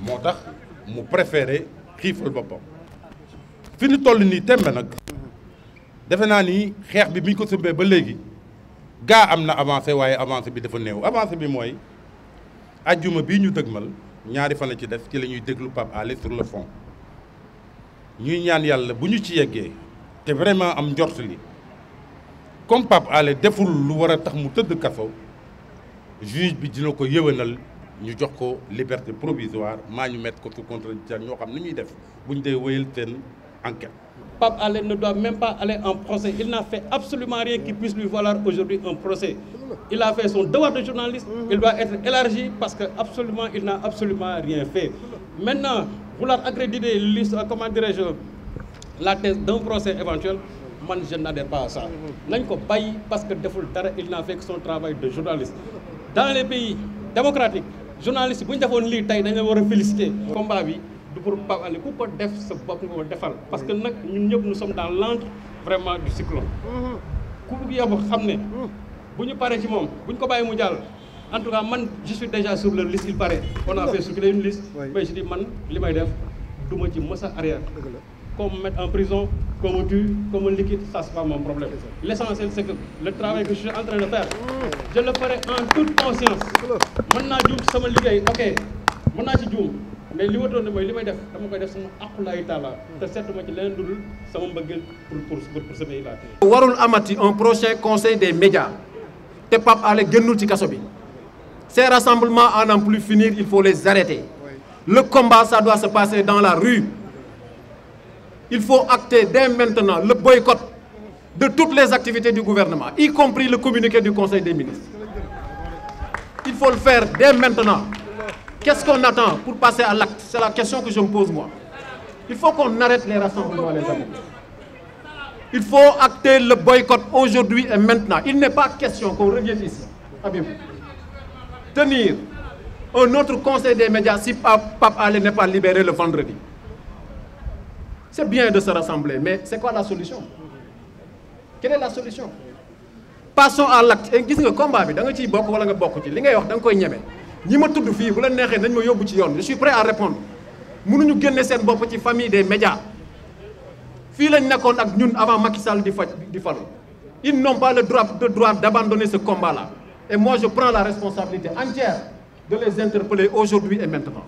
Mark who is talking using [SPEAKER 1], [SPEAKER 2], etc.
[SPEAKER 1] motax mu préféré xiifal bopam fini toll tembe nak ni xex bi ko ba avancé avancer bi dafa new avancer bi moy aljuma bi ñu deugmal ñaari fan ci def ci lañuy déglu Pape sur le fond ñuy ñaan yalla bu ñu ci yeggé té vraiment am njort li comme Pape Alé deful lu wara tax mu teud juge bi dina ko ñu jox ko liberté provisoire ma ñu mettre ko ñoo xam ñuy def
[SPEAKER 2] Pape ne doit même pas aller en procès il n'a fait absolument rien qui puisse lui valoir aujourd'hui un procès il a fait son devoir de journaliste il doit être élargi parce que absolument il n'a absolument rien fait maintenant vouloir accréditer euh, comment dirais-je la thèse d'un procès éventuel moi je n'adhère pas à ça nañ pas payé parce que il n'a fait que son travail de journaliste dans les pays démocratiques journaliste buñ defone li tay dañ la wara féliciter combat bi du pour pap ali ku ko def sa bop nga defal parce que nak ñun ñep nous sommes dans l'entre vraiment du cyclone ku bu yabo xamne buñu paré ci mom buñ ko baye mu jall en tout cas man je suis déjà sur leur liste il paraît on a fait circuler une liste mais je dis man limay def duma ci mossa arrière comme mettre en prison qu'on me tue, qu'on me liquide, ça pas mon problème. L'essentiel, c'est que le travail que je suis en train de faire, je le ferai en toute conscience. Maintenant, je suis liggéey, ok, maintenant je suis mais li waroon ne mooy li may def dama koy def sama aqulaay taala te seetuma ci leneen dul sama mbëggeel pour pour pour sama ilaa warul amati
[SPEAKER 3] un prochain conseil des médias te Pape allez génnul ci kaso bi ces rassemblements à n'en plus finir il faut les arrêter le combat ça doit se passer dans la rue il faut acter dès maintenant le boycott de toutes les activités du gouvernement, y compris le communiqué du Conseil des ministres. Il faut le faire dès maintenant. Qu'est-ce qu'on attend pour passer à l'acte C'est la question que je me pose moi. Il faut qu'on arrête les rassemblements, les amis. Il faut acter le boycott aujourd'hui et maintenant. Il n'est pas question qu'on revienne ici. Tenir un autre conseil des médias si Pape Allé n'est pas libéré le vendredi. C'est bien de se rassembler, mais c'est quoi la solution
[SPEAKER 2] Quelle est la solution
[SPEAKER 3] Passons à l'acte. Et eh, le combat, Je suis prêt à répondre. Nous avons une cette famille des médias. ak nous avant Macky Sall Ils n'ont pas le droit de droit d'abandonner ce combat-là. Et moi je prends la responsabilité entière de les interpeller
[SPEAKER 1] aujourd'hui et maintenant.